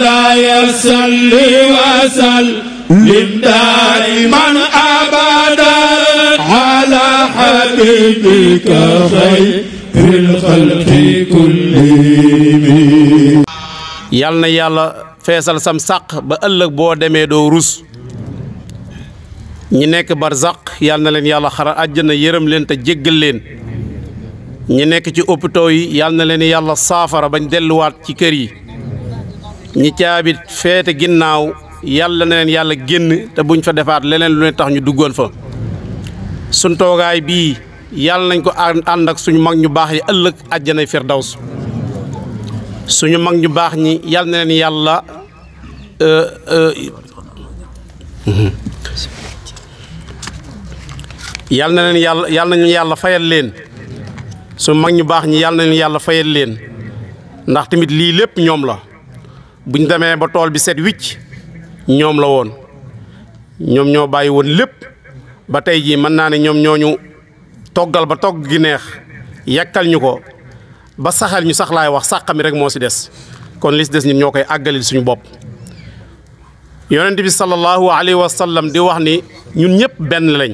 مولاي صل وسلم دائما ابدا على حبيبك خير الخلق كلهم يالنا يالا feesal sam sàq ba ëllëg boo demee doo rus ñi nekk barzaq yal na leen yàlla xara àjjana yërëm leen te jéggal leen ñi nekk ci hôpitaux yi yal na leen yàlla saafara bañ delluwaat ci kër yi ñi caabit feete ginnaaw yàlla na leen yàlla génn te buñ fa defaat leneen lu ne tax ñu duggoon fa suñ toogaay bii yàlla nañ ko ànd ak suñu mag ñu baax yi ëllëg àjjanay firdaws suñu mag ñu baax ñi yàlla na leen yàlla euh, euh, yàlla na leen yàlla yàlla nañu yàlla fayal leen suñu mag ñu baax ñi yàlla na leen yàlla fayal leen ndax tamit lii lépp ñoom la buñ démé ba tool bi set wicc ñom la won ñom ño bàyyi won lépp ba tay ji man naani ñom ñoñu togal ba togg gi neex yakal ñuko ba saxal ñu sax lay wax saxami rek mo ci dess kon li si des ñun ñokay agalil suñu bop yonent bi sallallahu alayhi wa sallam di wax ni ñun ñëpp ben lañ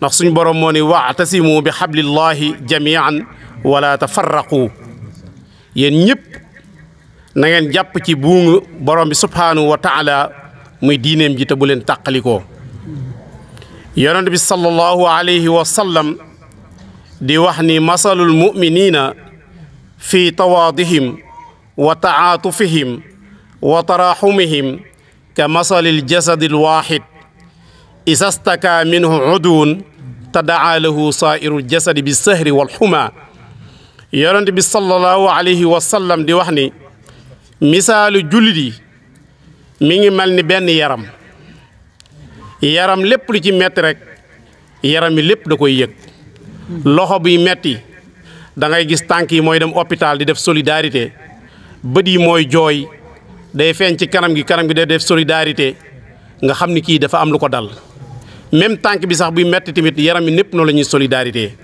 nak suñu borom mo ni wa wa'tasimu bi hablillahi jamian wala tafarraqu yen ñëpp. na ngeen jàpp ci buumu borom bi subhaanahu wa taala muy diineem ji te bu leen tàqalikoo yonent bi sallallahu alayhi wa sallam di wax ni masalul muminina fi tawaadihim wa taatufihim wa taraxumihim ka masalil jasadil waaxid isastaka minhu uduun tadaa lahu saairu jasadi bi sahri wal xuma yonent bi sallallahu alayhi wa sallam di wax ni misaalu jullit yi mi ngi mel ni benn yaram yaram lépp lu ci metti rek yaram yi lépp da koy yëg loxo buy metti dangay gis tànk yi mooy dem hôpital di def solidarité bët yi mooy jooy day feeñ ci kanam gi kanam gi day def solidarité nga xam ni kii dafa am lu ko dal même tànk bi sax buy metti tamit yaram yi népp noonu la ñuy solidarité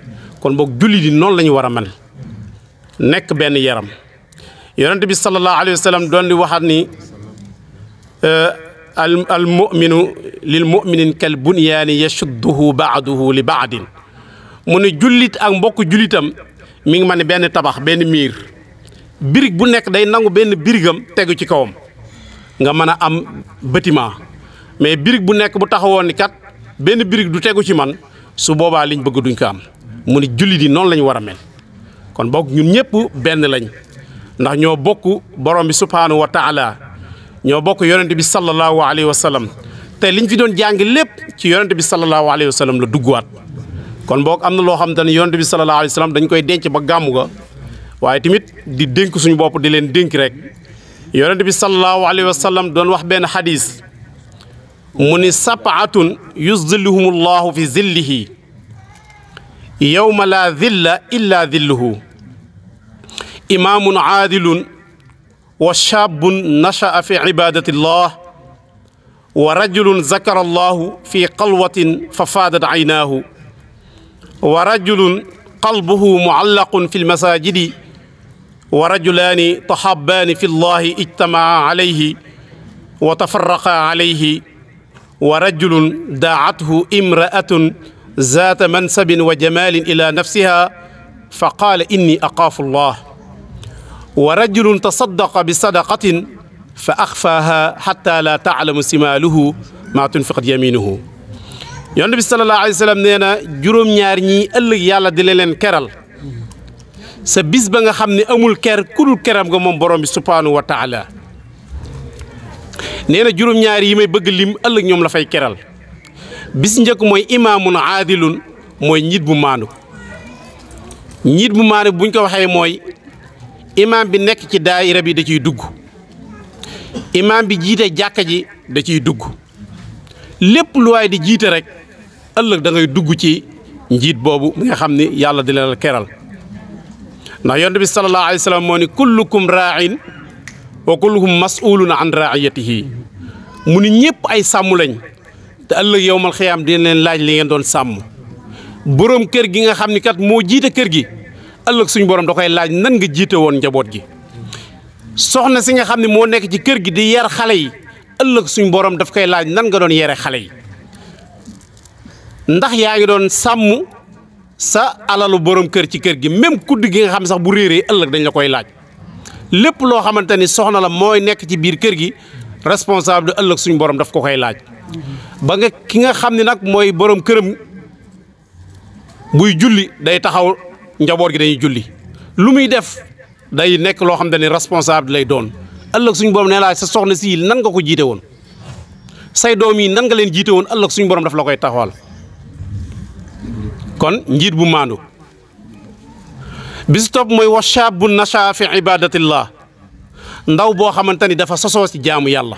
kon boog jullit yi noonu lañu ñu war a mel nekk benn yaram يونت بي صلى الله عليه وسلم دون دي واخات ني المؤمن للمؤمن كالبنيان يشده بعده لبعض من جلد اك بوك جوليتام مي من بن تباخ بن مير بريك بو نيك داي نانغو بن بريغام تيغو سي ام بتيما مي بريك بو نيك بو بين كات بن بريك دو تيغو سي مان سو بوبا لي نكام من جوليدي نون لا ني كون بوك نيون نييب بن ndax ñoo bokk borom bi subhanahu wa taala ñoo bokk yonente bi sallallahu alayhi wa sallam te liñ fi doon jàng lépp ci yonente bi sallallahu alayhi wa sallam la dugguwaat kon boog am na loo xamante ne yonente bi sallallahu alayhi wa sallam dañ koy denc ba gàmmu ga waaye tamit di dénk suñu bopp di leen dénk rek yonente bi sallallahu alayhi wa sallam doon wax benn xadis mu ni sapaatun yuzilluhum fi zillihi yowma la zilla illa zilluhu إمام عادل وشاب نشأ في عبادة الله ورجل ذكر الله في قلوة ففادت عيناه ورجل قلبه معلق في المساجد ورجلان تحبان في الله اجتمعا عليه وتفرقا عليه ورجل داعته امرأة ذات منسب وجمال إلى نفسها فقال إني أقاف الله ورجل تصدق بصدقة فأخفاها حتى لا تعلم simaaluhu maa tunfiqat yaminuhu yonent bi sallallahu alayhi wa sallam nee na juróom-ñaar ñii ëllëg yàlla di la leen keral sa bis ba nga xam ne amul ker ku dul keram nga moom borom bi subhaanahu wa taala nee na juróom-ñaar yi may bëgg lim ëllëg ñoom la fay keral bis njëkk mooy imaamun aadilun mooy njiit bu maanu njiit bu maanu buñ ko waxee mooy imaam bi nekk ci daayira bi da ciy dugg imaam bi jiite jàkka ji da ciy dugg lépp lu waay di jiite rek ëllëg dangay dugg ci njiit boobu mi nga xam ni yàlla di leen keral ndax yonent bi sallallahu alayhi wa sallam moo ni kullukum raa'in wa kullukum mas'ulun an ra'iyatihi mu ni ñëpp ay sàmm lañ te ëllëg yowmal xiyaam dina leen laaj li ngeen doon sàmm boroom kër gi nga xam ni kat moo jiite kër gi ëlëk suñu borom da koy laaj nan nga jité won njabot gi soxna si nga xamni mo moo nekk ci kër gi di yar xalé yi ëlëk suñu borom daf koy laaj nan nga doon yere xalé yi ndax yaa ngi doon sàmm sa alalu borom kër ci kër gi même kudd gi nga xam sax bu réré ëlëk dañ la koy laaj lepp lo xamanteni soxna la moy nekk ci biir kër gi responsable ëlëk suñu borom daf ko koy laaj ba nga ki nga xamni nak moy borom kërëm buy julli day taxaw njaboot gi dañuy julli lu muy def day nek lo xam responsable lay doon ëlëk suñu borom nee laa sa soxna si nan nga ko jité won say doom yi nan nga leen jité won ëlëk suñu borom daf la koy taxawal kon njit bu maandu bis top moy wa shaabun fi ibadatillah ndaw bo xamanteni dafa soso ci jaamu yalla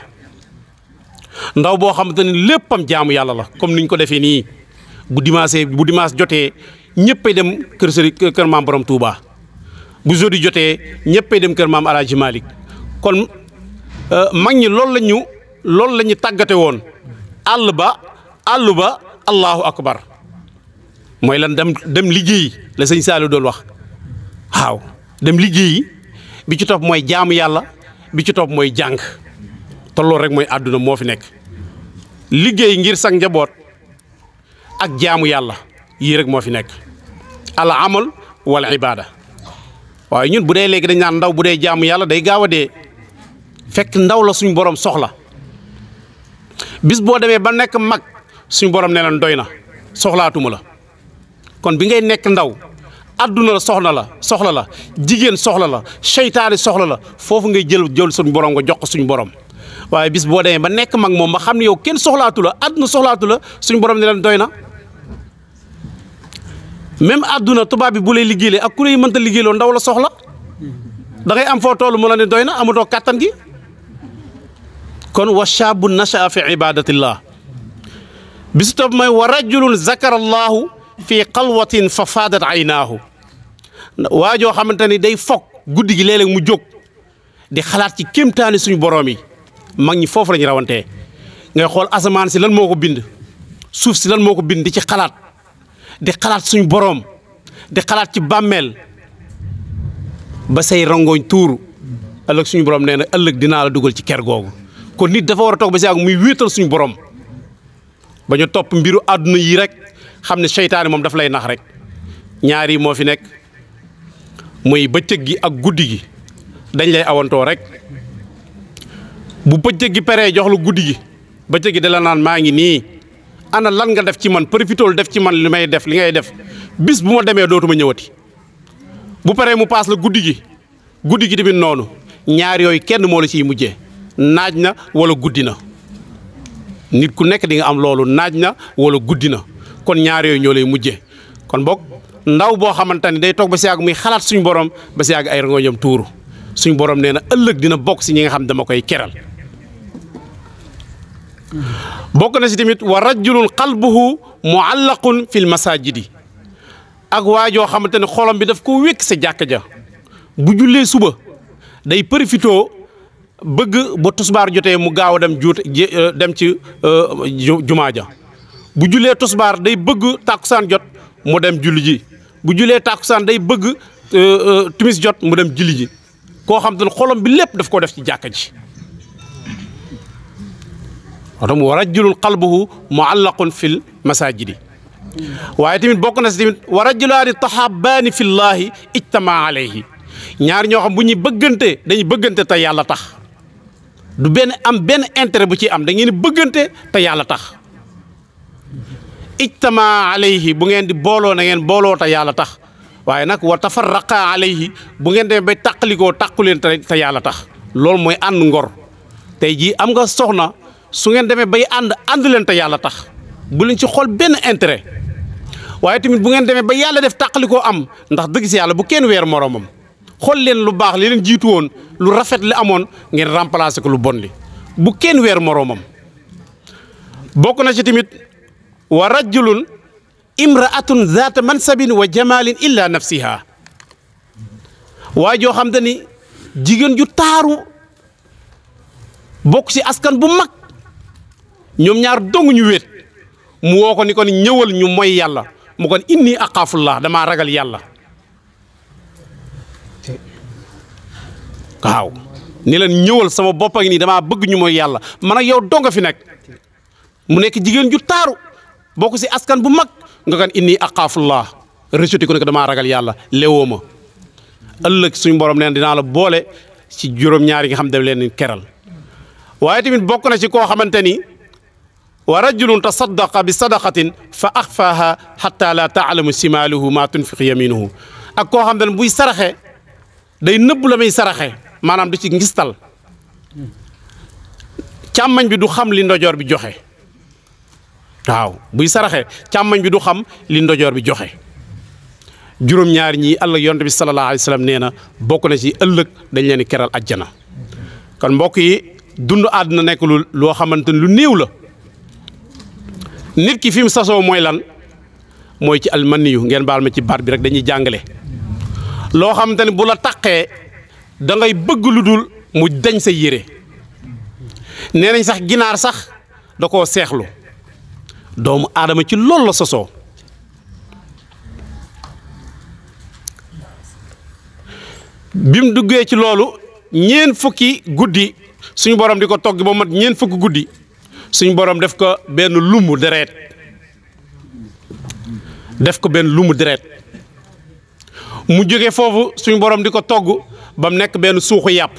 ndaw bo xamanteni leppam jaamu yalla la comme niñ ko defé ni bu dimanche bu dimanche joté ñëppay dem kër sëriñ kër maam borom Touba bu jotee ñëppay dem kër maam Alaaji Malick kon euh, mag ñi loolu la ñu loolu la ñu tàggate woon àll ba àll ba allahu akbar mooy lan dem dem liggéeyi la sëñ Saliou doon wax waaw dem liggéeyi bi ci topp mooy jaamu yàlla bi ci toog mooy jàng te loolu rek mooy àdduna moo fi nekk liggéey ngir sag njaboot ak jaamu yàlla yii rek moo fi nekk al amal wal ibaada waaye ñun bu dee léegi dañ naan ndaw bu dee jaamu yàlla day gaawa de fekk ndaw la suñu borom soxla bis boo demee ba nekk mag suñu borom ne leen doy na soxlaatuma la kon bi ngay nekk ndaw adduna la soxla la soxla la jigéen soxla la seytaane soxla la foofu ngay jël jël suñu borom nga jox ko suñu borom waaye bis boo demee ba nekk mag moom ba xam ne yow kenn soxlaatu la adduna soxlaatu la suñu borom ne leen doy na. même aduna tuba bi bu lay liggéeyee ak ku mën ta liggéeyloo ndaw la soxla da ngay am fo tolu mo la ni doyna amuto katan gi kon wa shaabu nashaa fi ibadatillah bi si topp mooy wa rajulun zakara allahu fi qalwatin fa fadat aynahu wa jo xamanteni day foog guddigi gi mu jóg di xalat ci kemtani suñu borom yi mag ñi fofu lañu rawante ngay xol asaman si lan moko bind suuf si lan moko bind ci xalat di xalat suñ borom di xalat ci bammel ba say rongoñ tour ëlëk suñu borom nee ëlëk dina la duggal ci ker googu ko nit dafa wara tok ba si muy wéetal suñu borom ba ñu topp mbiru aduna yi rek xam shaytan mom daf lay nax rek ñaar yi fi nek muy beccëg gi ak guddi gi dañ lay awanto rek bu beccëg gi péré jox lu guddi gi beccëg gi da la naan maangi ni ana lan nga def ci man profitool def ci man li may def li ngay def bis bu ma demee dootuma ñëwati bu paree mu paas la guddi gi guddi gi tamit noonu ñaar yooyu kenn moo la ciy mujjee naaj na wala guddi na nit ku nekk di nga am loolu naaj na wala guddi na kon ñaar yooyu ñoo lay mujjee kon boog ndaw boo xamante ne day toog ba si yàgg muy xalaat suñu borom ba si yàgg ay rangoñam tuuru suñu borom nee na ëllëg dina bokk si ñi nga xam dama koy keral bokk na si tamit wa rajulun qalbuhu muallaqun fil masajidi ak waa joo xamante ne xolam bi daf koo wékk sa jàkka ja bu jullee suba day profitoo bëgg ba tusbaar jotee mu gaaw a dem juut euh, dem ci euh, jumaa ja bu jullee tusbaar day bëgg tàkkusaan jot mu dem julli ji bu jullee tàkkusaan day bëgg euh, timis jot mu dem julli ji koo xam te ne bi lépp daf ko def ci jàkka ji oto mu warajulul qalbuhu muallaqun fil masajid waye tamit bokku na si tamit warajulaani tahabbaani Allah. ittama alayhi ñaar ño xam buñu bëggante dañu bëggante ta yalla tax du ben am ben intérêt bu ci am da ngeen di bëggante ta yalla tax ittama alayhi bu ngeen di bolo na ngeen bolo ta yalla tax waye nak wa tafarraqa alayhi bu ngeen dem bay takliko takulen ta yalla tax lol moy and ngor tay ji am nga soxna su ngeen demee bay ànd ànd leen te yàlla tax bu leen ci xol benn intérêt waaye tamit bu ngeen demee ba yàlla def am ndax dëgg si yàlla bu kenn weer moromam xol leen lu baax li leen jiitu woon lu rafet li amoon ngeen remplacer ko lu bon li bu kenn weer moromam bokk na ci tamit wa rajulun imraatun zaata mansabin wa jamaalin illa nafsiha waaye joo xam te ni jigéen ju taaru bokk ci askan bu mag ñom ñaar dong ñu wét mu woo ko ni kon ini ñu moy yalla mu kon inni aqaafullah dama ragal yalla kaw ni leen ñëwal sama bop ak ni dama bëgg ñu moy yalla man ak yow donga fi nek mu nek jigen ju taru bokku si askan bu mag nga kan inni aqaafullah rejeté ko ne ko ragal yalla lewoma ëlëk suñu borom neen dina la boole ci ñaar yi nga xam dem leen keral waye tamit bokku na ci ko xamanteni ورجل تصدق بصدقة فأخفاها حتى لا تعلم شماله ما تنفق يمينه أكو هم دن بوي سرخه داي نوب لامي سرخه مانام دي سي غيستال بي دو خام لي ندجور بي جوخه واو بوي سرخه تيامن بي دو خام لي ندجور بي جوخه جوروم ñaar ñi Allah yonnabi sallallahu alayhi wasallam neena bokku na ci ëlëk dañ leen keral aljana kon mbokk yi dundu aduna nek lu lo xamanteni lu nit ki fi mu sasoo mooy lan mooy ci almaniyu ngeen baal ma ci baat bi rek dañuy jàngale loo xam te ne bu la taqee da bëgg lu dul mu dañ sa yére nee nañ sax ginaar sax da koo seexlu doomu aadama ci loolu la sosoo bi mu duggee ci loolu ñeen fukki guddi suñu borom di ko togg ba mat ñeen fukki guddi suñ borom def ko ben lumu deret def ko ben lumu deret mu joge fofu suñ borom diko ko togg ba mu nekk benn yap yàpp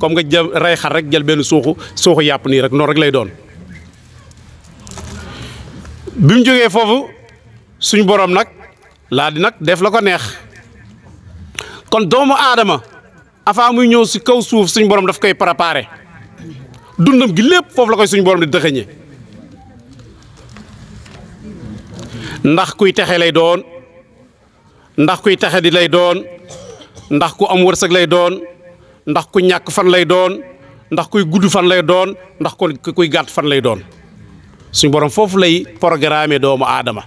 comme nga jël rey xar rek jël ben suxu suxu yap ni rek noonu rek lay doon bi joge fofu borom nak la di nak def la ko neex kon doomu adama afa muy ñew si kaw suuf suñ borom daf koy préparer dundam gi lépp foofu la koy suñu borom di dëxëñee ndax kuy texe lay doon ndax kuy texe di lay doon ndax ku am wërsëg lay doon ndax ku ñàkk fan lay doon ndax kuy gudd fan lay doon ndax kon kuy gàtt fan lay doon suñu borom foofu lay programme doomu aadama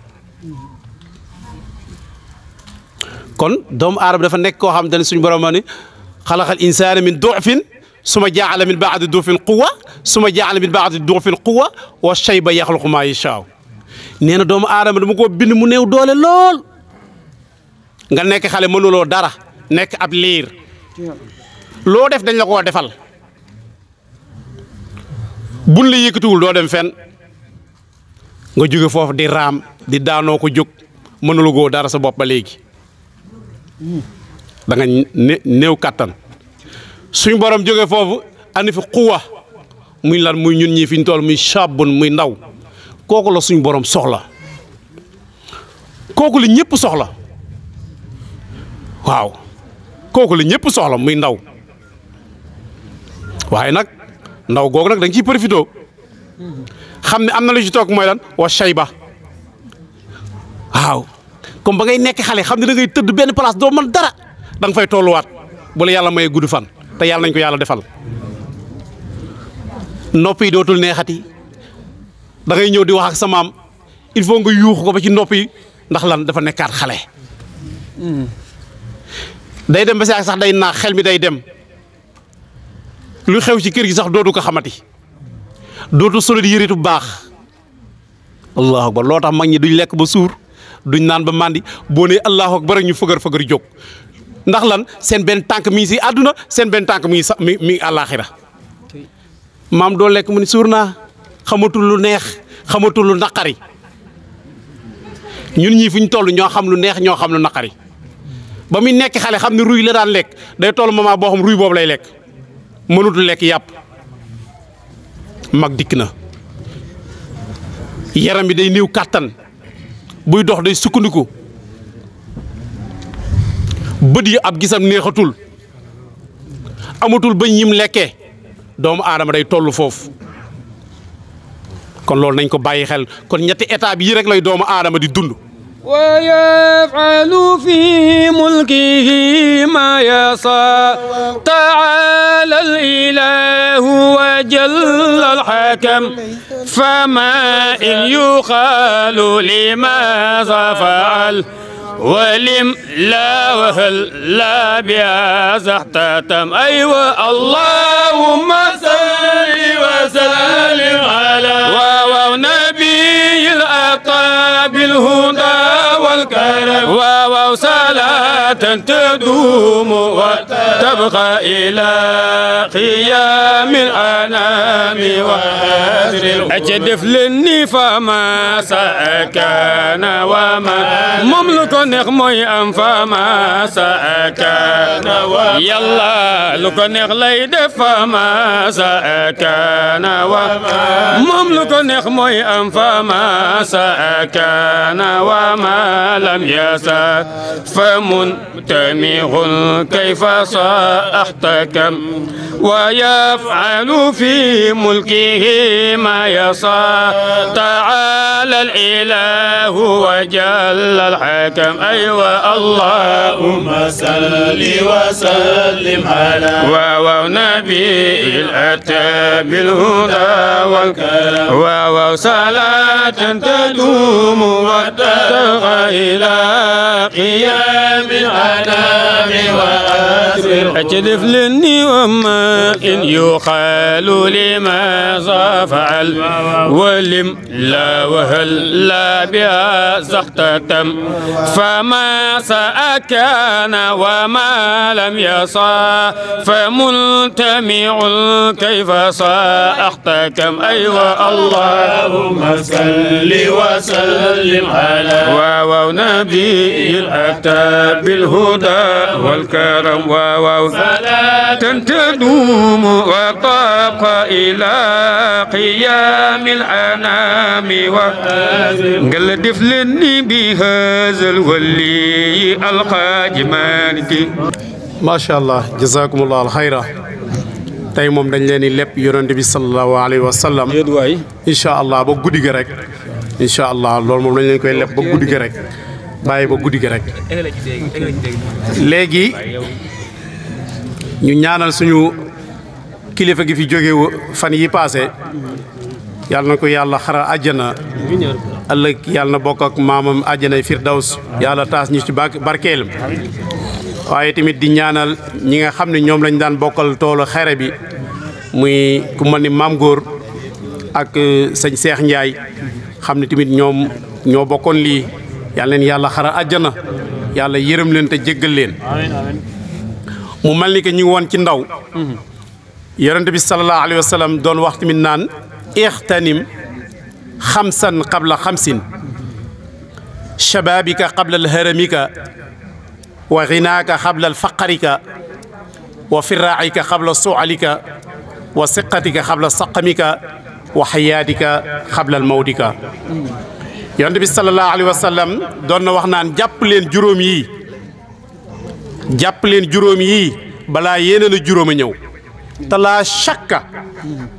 kon doomu aadama dafa nekk koo xam te ne suñu borom ma ni xalaxal insaana min du'fin ثم جعل من بعد ضعف قوة ثم جعل من بعد ضعف قوة والشيب يخلق ما يشاء nee na doomu aadama dama ko bind mu néew doole lool nga nekk xale mënuloo dara nekk ab liir loo def dañ la koo defal buñ la yëkkatiwul doo dem fenn nga jóge foofu di raam di daanoo ko jóg mënuloo dara sa bopp ba léegi da nga néew kàttan suñu borom joge fofu andi fi quwa muy lan muy ñun ñi fiñ tol muy shabun muy ndaw koku la suñu borom soxla koku li ñepp soxla waaw koku li ñepp soxla muy ndaw waye nak ndaw gog nak dañ ci profito xamni amna lu ci tok moy lan wa shayba waaw comme ba ngay nek xalé xamni da ngay teud ben place do man dara dang fay tolu wat bu la yalla maye fan te yalla nañ ko yalla defal nopi dotul neexati da ngay ñew di wax ak sa mam il faut nga yuux ko ba ci nopi ndax lan dafa nekkaat xale. day dem ba si sax day na xel mi day dem lu xew ci kër gi sax dotu ko xamati dotu solo di yëritu bu akbar lo tax mag ñi duñ lek ba sour duñ nan ba mandi boo allah akbar ñu fugar fugar jóg ndax lan seen benn tànk mi si àdduna seen benn tànk mi sax mi mi àllaaxira maam doo lekk mu ni suur naa xamatul lu neex xamatul lu naqari ñun ñii fu ñu toll ñoo xam lu neex ñoo xam lu naqari ba muy nekk xale xam ne ruy la daan lekk day toll moment boo xam ruy boobu lay lekk mënutu lekk yàpp mag dikk na yaram bi day néew kàttan buy dox day sukkandiku. bët yi ab gisam neexatul amatul bañ yim lekkee doomu aadama day toll foofu kon loolu nañ ko bàyyi xel kon ñetti étape yi rek lay doomu aadama di dund ويفعل في ملكه ما يصى تعالى الإله وجل الحكم فما إن يقال لماذا فعل ولم لا وهل لا بها أيوة اللهم صل وسلم على واو نبي الأطاب الهدى والكرم واو سلام تدوم وتبقى إلى قيام الأنام وآخر أجدف لني فما سأكان وما مملك نغمي أم فما وما يلا لك نغلي فما سأكان وما مملك نغمي أم فما سأكان وما لم يسأ فمن تميغ كيف صاحتكم ويفعل في ملكه ما يصى تعالى الإله وجل الحكم أيوة اللهم صل وسلم على واو نبي الأتى بالهدى والكلام واو صلاة تدوم وتبقى إلى قيام العدم وأسر أجلف لني وما إن يقال لماذا فعل ولم لا وهل لا بها زختتم فما سأكان وما لم يصا فملتمع كيف سأختكم أيوة اللهم صل وسلم على واو نبي أتى بالهدى والكرم واو فلا تنتدوا يقوم وطاق إلى قيام الأنام وقل دفلني بهذا الولي القادمان ما شاء الله جزاكم الله الخير tey moom dañ leen di lépp yonent bi sallallahu alayhi wa sallam incha allah ba guddi ga rek incha allah loolu moom dañ leen koy lépp ba guddi ga rek bàyyi ba guddi ga rek léegi ñu ñaanal suñu kilifa gi fi jóge fan yi paase yàlla na ko yàlla xaral àjjana ëllëg yàlla na bokk ak maamam àjjanay firdaws yàlla taas ñu ci barkeelam waaye tamit di ñaanal ñi nga xam ne ñoom lañ daan bokkal toolu xere bi muy ku mel ni maam góor ak euh, sëñ Seex Njaay xam ne tamit ñoom ñoo bokkoon lii yàlla leen yàlla xaral àjjana yàlla yërëm leen te jéggal leen mu mel ni que ñu ngi ci ndaw mm-hmm. يرنت صلى الله عليه وسلم دون وقت من نان اختنم خمسا قبل خمسين شبابك قبل الهرمك وغناك قبل الفقرك وفراعك قبل صعلك وسقتك قبل سقمك وحياتك قبل الموتك يرنت صلى الله عليه وسلم دون وقت نان جبلين جرومي جبلين جرومي بلا ينن جرومي نيو tala chaque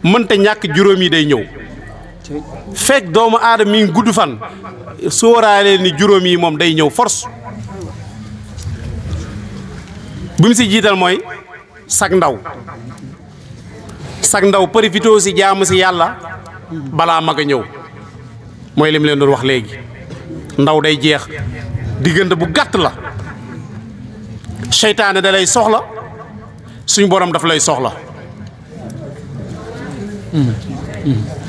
mënta ñàkk juróom yi day ñew fek doomu adam mi ngi gudd fan sóoraale ni juróom yi day ñew force bu mu si jiital mooy sag ndaw sak ndaw profitoo si jaamu si yalla, bala mag a ñëw mooy lim leen do wax legi ndaw day jeex digënd bu gatt la shaytan da lay soxla suñu borom daf lay soxla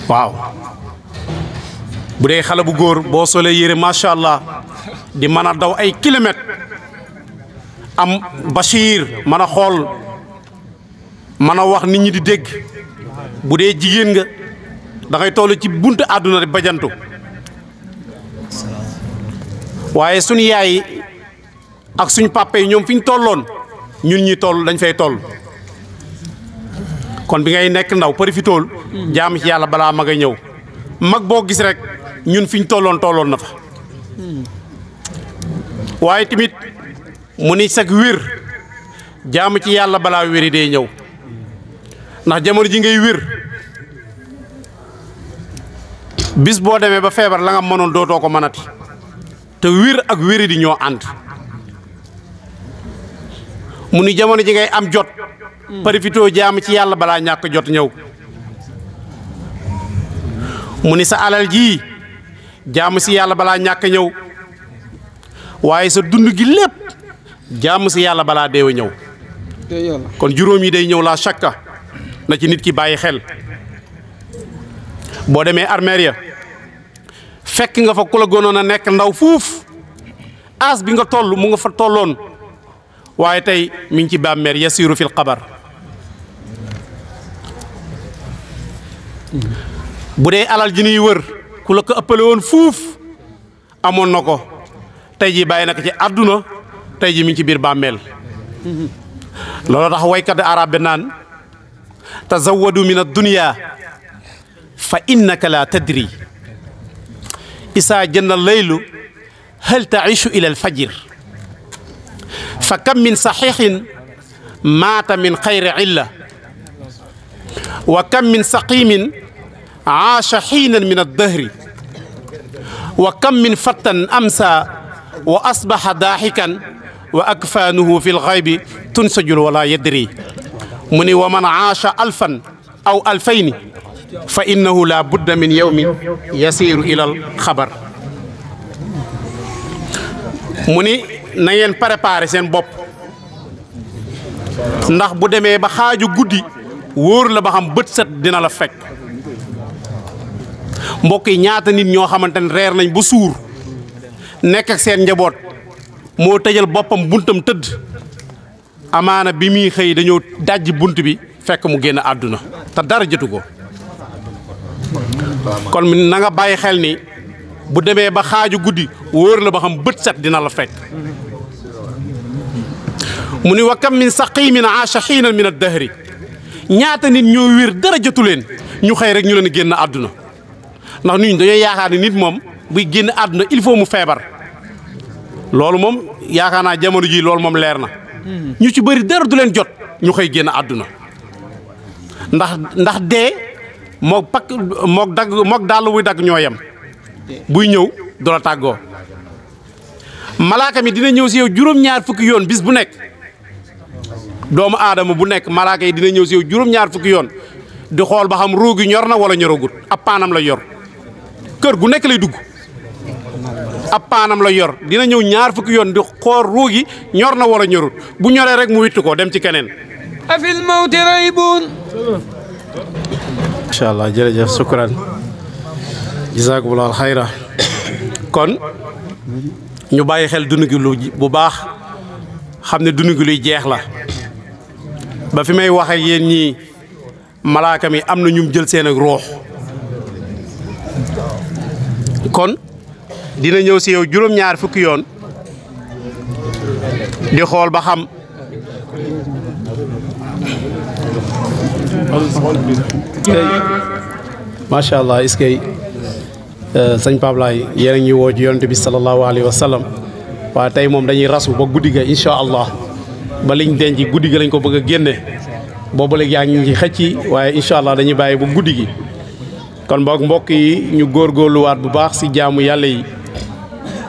waaw bu dee xale bu góor boo solee yére macha allah di mën a daw ay kilomètres am Bachir mën a xool mën a wax nit ñi di dégg bu dee jigéen nga da ngay toll ci buntu àdduna di bajantu waaye suñu yaay ak suñu papa yi ñoom fi ñu tolloon ñun ñi toll dañ fay toll. kon bi ngay nekk ndaw profitool jaam ci yàlla balaa mag a ñëw mag boo gis rek ñun fi tolloon tolloon na fa waaye tamit mu ni sag wér jaam ci yàlla balaa wéri day ñëw ndax jamono ji ngay wir bis boo demee ba feebar la nga mënoon dootoo ko mënati te wér ak wéri di ñoo ànd mu ni jamono ji ngay am jot Hmm. parifito jam ci yalla bala ñak jot ñew muni sa alal ji jam ci yalla bala ñak ñew waye sa dund gi lepp jam ci yalla bala deew ñew kon yi day ñew la chaque na ci nit ki bàyyi xel bo demee armeria ya, fekk nga fa kula gonona nek ndaw fuuf as bi nga tollu mu nga fa tollon waye tay min ci bammer yasiru fil xabar budé alal ji nuy wër ku la ko ëppale won fuuf amon nako tay ji bàyyi na ci aduna tay ji mi ci bir bammel lolo tax waykat arab bi naan tazawwadu min ad-dunya fa innaka la tadri isa janna laylu hal taishu ila alfajir fa kam min saxiixin maata min xayri illa wa kam min saqimin عاش حينا من الدهر وكم من فتى أمسى وأصبح ضاحكا وأكفانه في الغيب تنسج ولا يدري من ومن عاش ألفا أو ألفين فإنه لا بد من يوم يسير إلى الخبر مني نين préparer سين بوب ndax bu demee ba xaaju guddi wóor la ba xam bët set dina la fekk mbokk yi ñaata nit ñoo xamante ne reer nañ ba suur nekk ak seen njaboot moo tëjal boppam buntam tëdd amaana bi muy xëy dañoo dajji bunt bi fekk mu génn àdduna te dara jotu ko kon na nga bàyyi xel ni bu demee ba xaaju guddi wóor la ba xam bët set dina la fekk mu ni wa kam min saqiimin aasha xiinan min ad dahri ñaata nit ñoo wér dara jotu leen ñu xëy rek ñu leen génn àdduna ndax nit dañu dañoo yaakaar nit mom buy génn àdduna il faut mu feebar loolu moom yaakaar naa jamono ji loolu moom leer na hmm. ñu ci bëri dara du leen jot ñu xëy génn àdduna ndax ndax dee moog pak moog dag moog dàll wuy dag ñoo yem buy ñëw du la tàggoo malaaka mi dina ñëw si yow juróom-ñaar fukki yoon bis bu nekk doomu aadama bu nekk malaaka yi dina ñëw si yow juróom-ñaar fukki yoon di xool ba xam ruugi ñor na wala ñoragut ab paanam la yor kër gu nekk lay dugg ab paanam la yor dina ñëw ñaar fukki yoon di xool ruugi ñor na war a ñorut bu ñoree rek mu witti ko dem ci keneen afil mawti raybun incha allah jërëjëf sukran jazakumullahu xayra kon ñu bàyyi xel dund gi lu bu baax xam ne dund gi luy jeex la ba fi may waxe yéen ñi malaaka mi am na ñum jël seen ak ruux kon dina ñew ci yow juróom ñaar fukk yoon di xol ba xam allah est-ce pablay euh, sëñ wo yéen ci yoonte bi sallallahu wasallam wa tay mom dañuy rasu ba guddiga ga allah ba liñ denc guddi lañ ko bëgg a génne boobu léegi yaa ngi ci xëcc allah dañuy bàyyi bu guddigi kon bok mbok yi ñu gor wat bu baax ci jaamu yàlla yi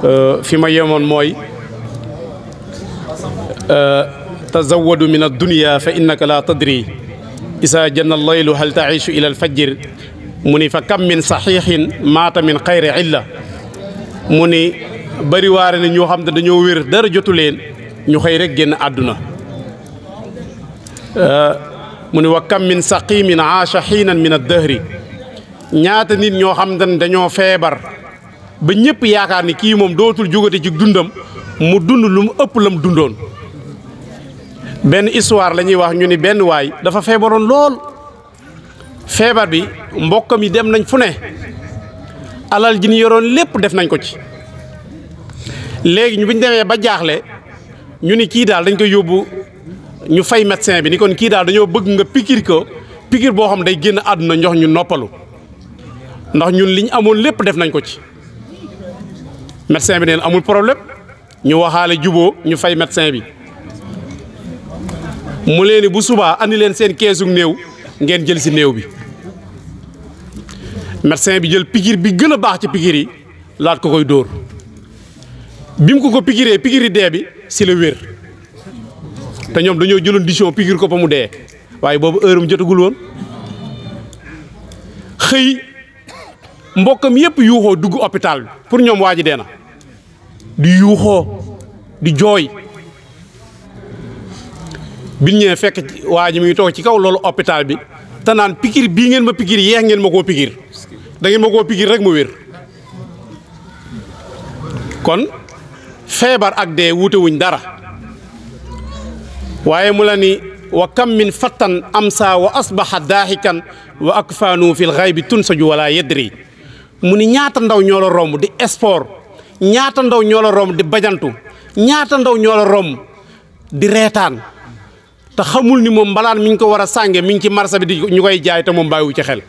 euh fi ma moy euh tazawwadu min ad-dunya fa innaka la tadri isa janna al-laylu hal taishu ila al-fajr muni fa kam min saxiixin mata min xayri illa muni bari waare ni ñu xam dañu wér dara jotu leen ñu xëy rek génn aduna euh muni wa kam min saqimin 'asha hinan min ad-dahri ñaata nit ñoo xam ne dañoo feebar ba ñëpp yaakaar ni kii moom dootul jógati ci dundam mu dund lu mu ëpp la dundoon benn histoire lañuy wax ñu ni benn waay dafa feebaroon lool feebar bi mbokkam yi dem nañ fu ne alal ji ñu yoroon lépp def nañ ko ci léegi ñu bu ñu demee ba jaaxle ñu ni kii daal dañ koy yóbbu ñu fay médecin bi ni kon kii daal dañoo bëgg nga pikir ko pikir boo xam day génn àdduna njox ñu noppalu ndax ñun liñ amoon lépp def nañ ko ci médecin bi neen amul problème ñu waxaale juboo ñu fay médecin bi mu leen bu subaa andi leen seen keesu néew ngeen jël si néew bi médecin bi jël pikir bi gën a baax ci pikir yi laat ko koy dóor bi mu ko ko pikiree pikir yi dee bi si la wér te ñoom dañoo jëloon décision pikir ko ba mu dee waaye boobu heure mu jotagul woon mbokam yep yuho dugu hôpital pour ñom waji ji di yuuxoo di joy, biñ ñe fekk waji mi ngi ci kaw lolu hôpital bi tanan pikir bi ngeen ma pikir yeex ngeen mako pikir da ngeen mako pikir rek mu wër kon febar ak de wuute wuñ dara waye mu ni wa kam min fatan amsa wa asbaha dahikan wa akfanu fil ghaibi tunsaju wala yadri muni ñaata ndaw ñolo rom di espor, ñaata ndaw ñolo rom di bajantu ñaata ndaw ñolo rom di retan ta xamul ni mom mbalaan warasange, ko wara sangé miñ ci marché bi di ñu koy jaay ta mom bàyyiwu ci xel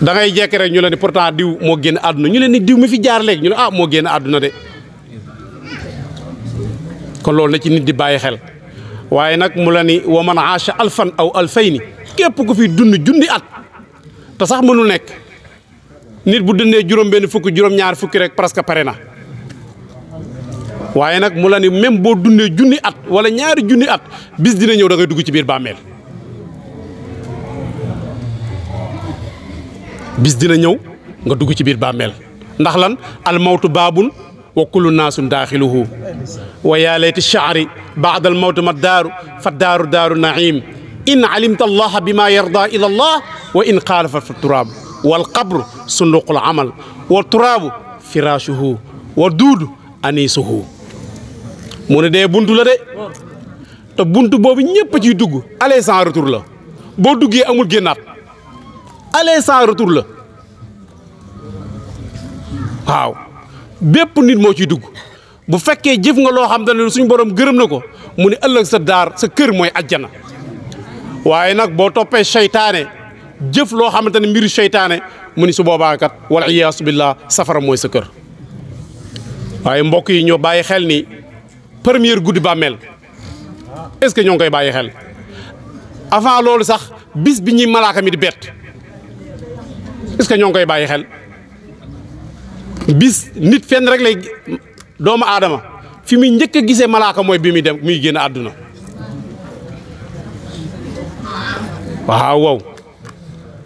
da ngay jek rek ñu leen pourtant diw mo genn aduna ñu leen ni diw mi fi jaar ñu ah mo genn aduna de kon la ci nit di bàyyi xel waye nak mu la ni wa aasha alfan aw alfayni kep ku fi dund jundi at ta sax mënul nek nit bu dundé juróom ben fukki juróom ñaar fukki rek presque pare na wayé nak mu la ni même bo dundé junni at wala ñaari junni at bis dina ñëw da ngay dugg ci biir bamél bis dina ñëw nga dugg ci biir bamél ndax lan mawt babun wa kullu nasun dakhiluhu wa yaa layti sha'ri ba'da al mawt madar fa daru daru naim in alimta allaha bima yarda ila allah wa in qala fa turab wal qabru sunduqul amal wa turaabu firaashuhu wa duudu aniisuhu mu ne dee buntu la de te buntu boobu ñëpp ciy dugg aller sans retour la boo duggee amul génnaat aller la waaw bépp nit moo ciy dugg bu fekkee jëf nga loo xam ne suñ boroom gërëm na ko mu ne ëllëg sa daar sa kër mooy ajjana waaye nag boo toppee seytaane jëf loo xamante ne mbiru seytaane mu ni su boobaa kat wal iyaasu billah safara mooy sa kër waaye mbokk yi ñoo bàyyi xel ni première guddi bàmmeel est-ce que ñoo ngi koy bàyyi xel avant loolu sax bis bi ñuy malaaka mi di bett que ñoo ngi koy bàyyi xel bis nit fenn rek lay doomu aadama fi muy njëkk a gisee malaaka mooy bi muy dem muy génn àdduna waaw wow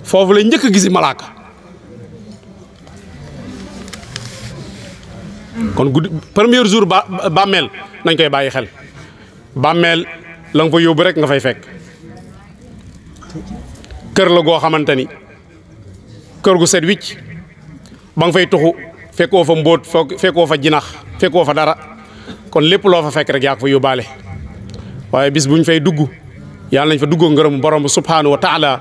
foofu la njëkk a gisi malaaka kon guddi jour ba bàmmeel nañ koy bàyyi xel bàmmeel la nga fa yóbbu rek nga fay fekk kër la goo xamante ni kër gu set wicc ba nga fay tuxu fekkoo fa mbóot fekkoo fa jinax fekkoo fa dara kon lépp loo fa fekk rek yaa ko fa yóbbaale waaye bis buñ fay dugg yàlla nañ fa duggoo ngërëm borom subhaanahu wa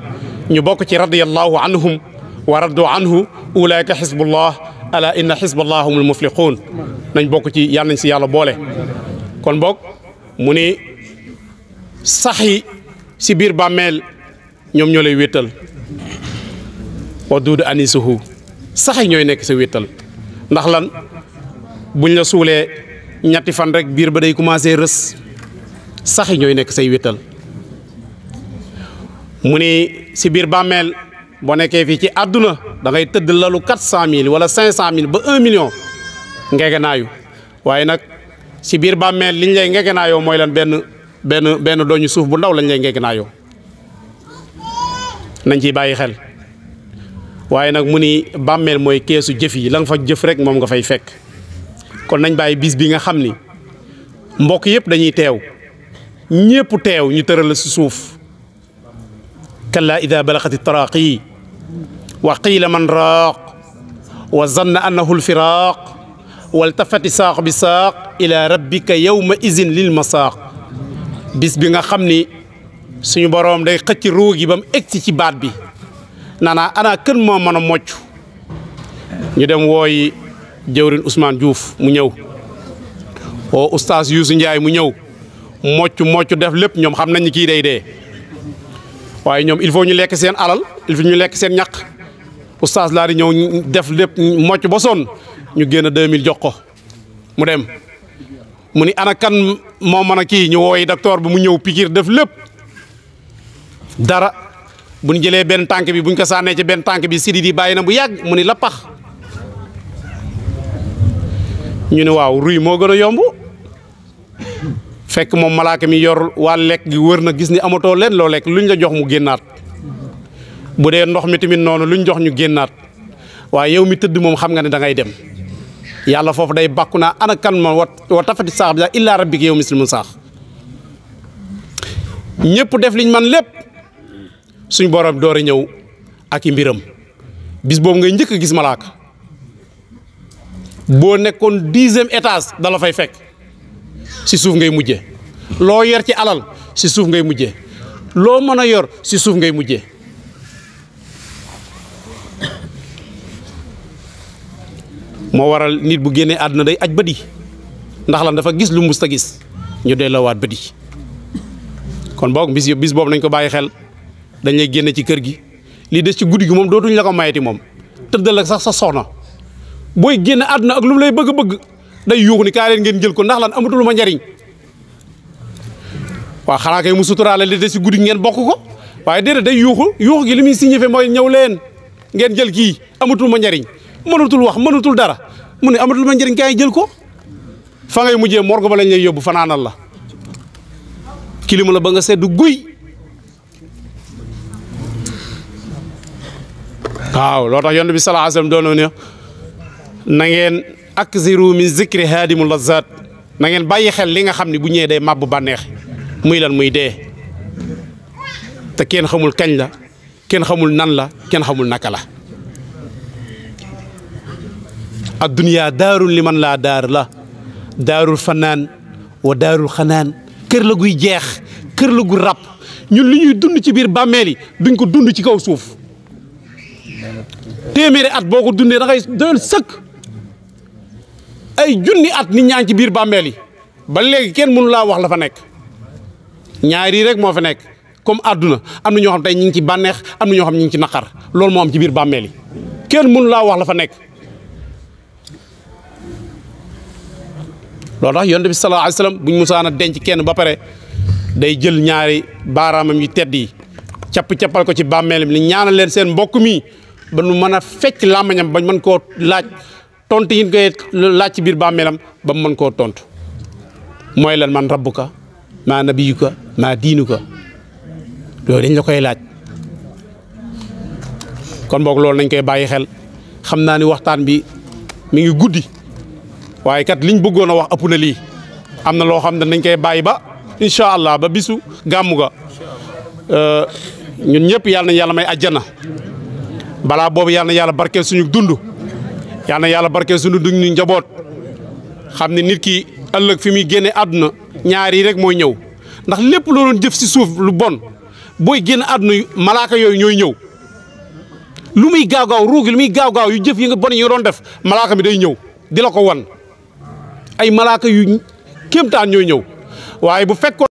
ñu bokk ci radiyallahu anhum wa raddu anhu ulaayka xisbullah ala inna xisballah humul muflixuun nañ bokk ci yàlla nañ si yàlla boole kon bokk mu ni saxi si biir bàmmeel ñoom ñoo lay wéttal wa duudu anisuhu saxi ñooy nekk sa wéttal ndax lan buñ la suulee ñetti fan rek biir ba day commencé rës saxi ñooy nekk say wéttal mu ni si biir bàmmeel boo nekkee fii ci àdduna da tëdd lalu quatre cent mille wala cinq cent mille ba un million ngegenaayu waaye nag si biir bàmmeel liñ lay ngegenaayoo mooy lan benn benn benn dooñu suuf bu ndaw lañ lay ngegenaayoo nañ ci bàyyi xel waaye nag mu ni bàmmeel mooy keesu jëf yi la fa jëf rek moom nga fay fekk kon nañ bàyyi bis bi nga xam ni mbokk yëpp dañuy teew ñëpp teew ñu tëral si suuf كلا إذا بلغت التراقي وقيل من راق وظن أنه الفراق والتفت ساق بساق إلى ربك يومئذ للمساق بس بيغا خمني سونو بوروم داي خيتي روغي بام اكتي سي بات بي نانا انا كن مو مانا موچو ني ديم ووي جورين عثمان جوف مو نييو او استاذ يوسف نياي مو نييو موچو موچو ديف ليب نيوم خامنا ني كي داي دي. waaye ñoom il faut ñu lekk seen alal il faut ñu lekk seen ñaq oustaz laa di ñëw def lépp mocc ba sonn ñu génn 2000 jox ko mu dem. mu ni ana kan moo mën a kii ñu wooyi docteur bi mu ñëw pikiir def lépp dara bu ñu jëlee benn tànk bi bu ñu ko sànnee ci benn tànk bi sidi di bàyyi na bu yàgg mu ni la pax ñu ne waaw ruy moo gën a yomb. fekk moom malaaka mi yor waa lekk gi wër na gis ni amatoo leen loo lekk luñ la jox mu génnaat bu dee ndox mi tamit noonu luñ jox ñu génnaat waaye yow mi tëdd moom xam nga ne dangay dem yàlla foofu day bàkku naa ana kan ma wa wa tafati saax bi sax illaa rabbika yow mislimu saax ñëpp def liñ man lépp suñ borom door a ñëw ak mbiram bis boobu ngay njëkk a gis malaaka boo nekkoon dixième étage dala fay fekk si suuf ngay mujjé lo yer ci alal si suuf ngay mujjé lo mëna yor si suuf ngay mujjé mo waral nit bu génné aduna day aj badi ndax lan dafa gis lu musta gis ñu badi kon bok bis bis bob nañ ko bayyi xel dañ lay génné ci kër gi li dess ci guddi mom dootuñ la ko mayati mom teudal ak sax sa soxna boy génné aduna ak lu lay bëgg bëgg day yuux ni ka len ngeen jël ko ndax lan amatu luma njariñ wa xala kay mu suturaale li de ci guddi ngeen bokku ko waye amutul day yuuxu yuux gi limi muy signifié mooy ñëw leen ngeen jël ki amatu luma njariñ mënatul wax dara mu ne amatul ma njariñ jël ko fa ngay mujjé morgue ba lañ lay yobbu fanaanal la kilimu la ba nga séddu guuy waaw lo tax yonent bi sallallahu alayhi wasallam na ngeen akziru min zikri haadimu lazat na bàyyi xel li nga xam ne bu ñëwee day màbbu bànneex muy lan muy dee te kenn xamul kañ la kenn xamul nan la kenn xamul naka la adduniyaa daarun li man laa daar la daarul fanaan wa daarul xanaan kër la guy jeex kër la gu rab ñun lu ñuy dund ci biir bàmmeel yi duñ ko dund ci kaw suuf téeméeri at boo ko dundee da ngay doyal sëkk ay ni at nit ñaan ci biir bàmmeel yi ba léegi kenn mënu la wax la fa nek ñaari rek mo fa nek comme aduna amna ño xam tay ñing ci banex amna ño xam ñing ci nakar lool mo am ci biir bàmmeel yi kenn mënu la wax la fa nek lool tax bi sallallahu alayhi wasallam buñu musaana denc kenn ba pare day jël ñaari baramam yu teddi ciap ciapal ko ci bàmmeelam li ñaanal leen seen mbokk mi ba nu mëna fecc bañ man ko laaj tontu yin koy laaj ci biir bàmmeelam ba mu tontu moy lan man rabbuka ma nabiyuka ma dinuka do dañ la koy laaj kon bok loolu nañ koy bayyi xel xamna ni waxtaan bi mi ngi guddi waye kat liñ bëggono a wax apuna li amna lo xamne nañ koy bayyi ba inshallah allah ba bisu gamu ga euh, ñun ñepp yalla na yalla may aljana bala bobu yalla na yalla suñu dundu Yana na yàlla barke sunu duñ ñu njaboot xam ne nit ki nyari fi ñaar yi rek mooy ñëw ndax lépp loo doon jëf si suuf lu bon booy génn àdduna malaaka yooyu ñooy ñëw lu muy gaaw gaaw muy gaaw gaaw yu jëf yi nga bon yi doon def malaaka mi day ñëw ko wan ay malaaka yu kéemtaan ñooy ñëw waaye bu fekkoon